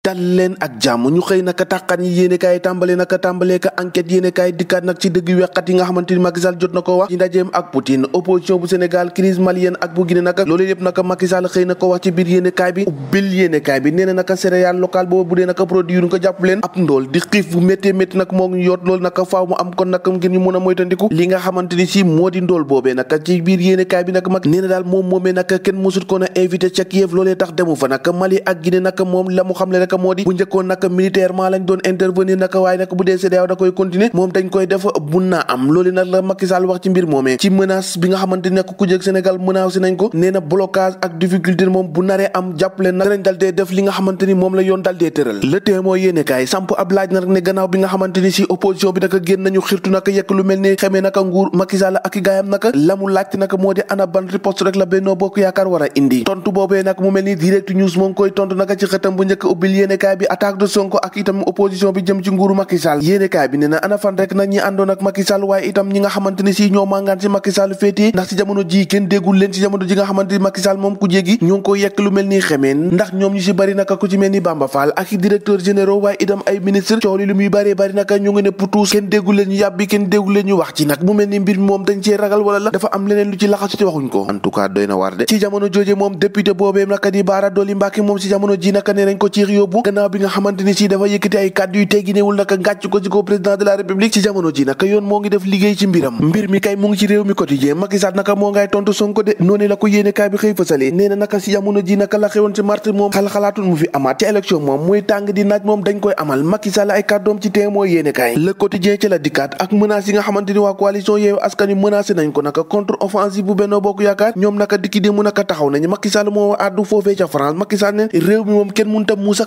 dal leen ak jàmm ñu xëy naka tàqan yi yéene kaay tàmbale naka tàmbalee ka enquête yéene kaay dikkaat nag ci dëgg weqat yi nga xamante ni Macky Sall na ko wax ci ndajeem ak Poutine opposition naka loolu yëpp na boobu dee naka produit yu ñu jàpp leen ab ndool di xiif bu méttee métti nag moo ngi yoot loolu naka faaw mu am kon naka ngir ñu mën a li nga xamante ni si moo di ndool boobee naka ci biir yéene kaay bi nag mag nee daal moom moomee naka kenn mësul ko na invité ca Kiev loolee tax demu la mu xam naka moo moom la Macky Sall wax la yoon dal samp ab laaj nag ne gannaaw bi nga xamante si opposition bi naka génn nañu xirtu naka yekk lu mel ni xemee naka nguur Macky Sall gaayam naka la mu laajte moo di ana ban riposte rek la Benno Bokk Yaakaar war a indi tontu boobee nag mu mel ni direct news moo koy tontu naka ci xëtam bu njëkk ubbil yéenekaay bi attaque de Sonko ak itam opposition bi jëm ci nguuru Macky Sall yéenekaay bi ne na ana fan rek nag ñi ak Macky Sall waaye itam ñi xamante ni si ñoo màngaan si Macky Sall féetee ndax ji kenn déggul leen si jamono ji nga xamante ni Macky Sall moom ku jéegi ñoo ko mel ni xemeen ndax ñoom ñu si bëri naka ku ci mel ni Bamba Fall ak i directeur généraux waaye itam ay ministre coow li lu muy bëree bëri naka ñu ngi ne putuus kenn déggul leen ñu yàbbi kenn déggul ñu wax ci nag mu mel ni mbir mi moom dañ cee ragal wala la dafa am leneen lu ci laxasu ci waxuñ ko en tout cas doy na war de ci jamono jooje moom ji naka ne nañ ko ci yóbbu gannaaw bi nga xamante si dafa yëkkati ay kàddu yu tegginewul naka ngàcc ko si jamono ji ay kàddoom ci tee mooy nga xamante waa coalition yeewu askan wi nañ ko naka contre offensive bu Benno Bokk Yaakaar ñoom naka dikki dému naka taxaw nañ Macky Sall addu foofee ca France Macky Sall mi moom kenn munta muusa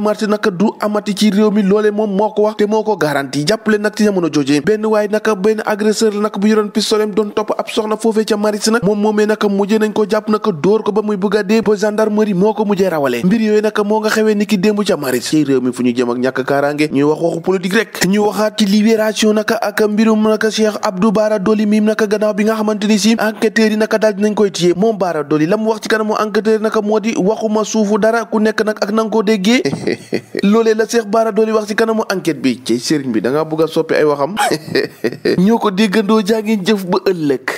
marché naka du amati ci réew mi loole moom moo ko wax te moo ko garanti jàppale nag ci jamono jooje benn waaye naka benn agresseur la naka bu yoroon pistolem topp ab soxna foofee ca maris nag moom moomee naka mujjee nañ ko jàpp naka dóor ko ba muy bëgg a dee ba gendarmerie moo ko mujjee rawale mbir yooyu naka moo nga xewee niki démb ca maris ci réew mi fu ñu jëm ak ñàkk kaaraange ñuy wax waxu politique rek ñu waxaat ci libération naka ak mbirum naka Cheikh Abdou Bara Dolly mii naka gannaaw bi nga xamante ni si enquêteurs yi naka daal nañ koy tiyee moom Bara Dolly la wax ci kanamu enquêteur naka moo di waxuma suufu dara ku nekk nag ak nanga ko déggee loole la Cheikh Bara Dolly wax ci kanamu enquete bi ci sëriñ bi danga ngaa bëgg a soppi ay waxam ñoo ko déggandoo jaa ngeen jëf ba ëllëg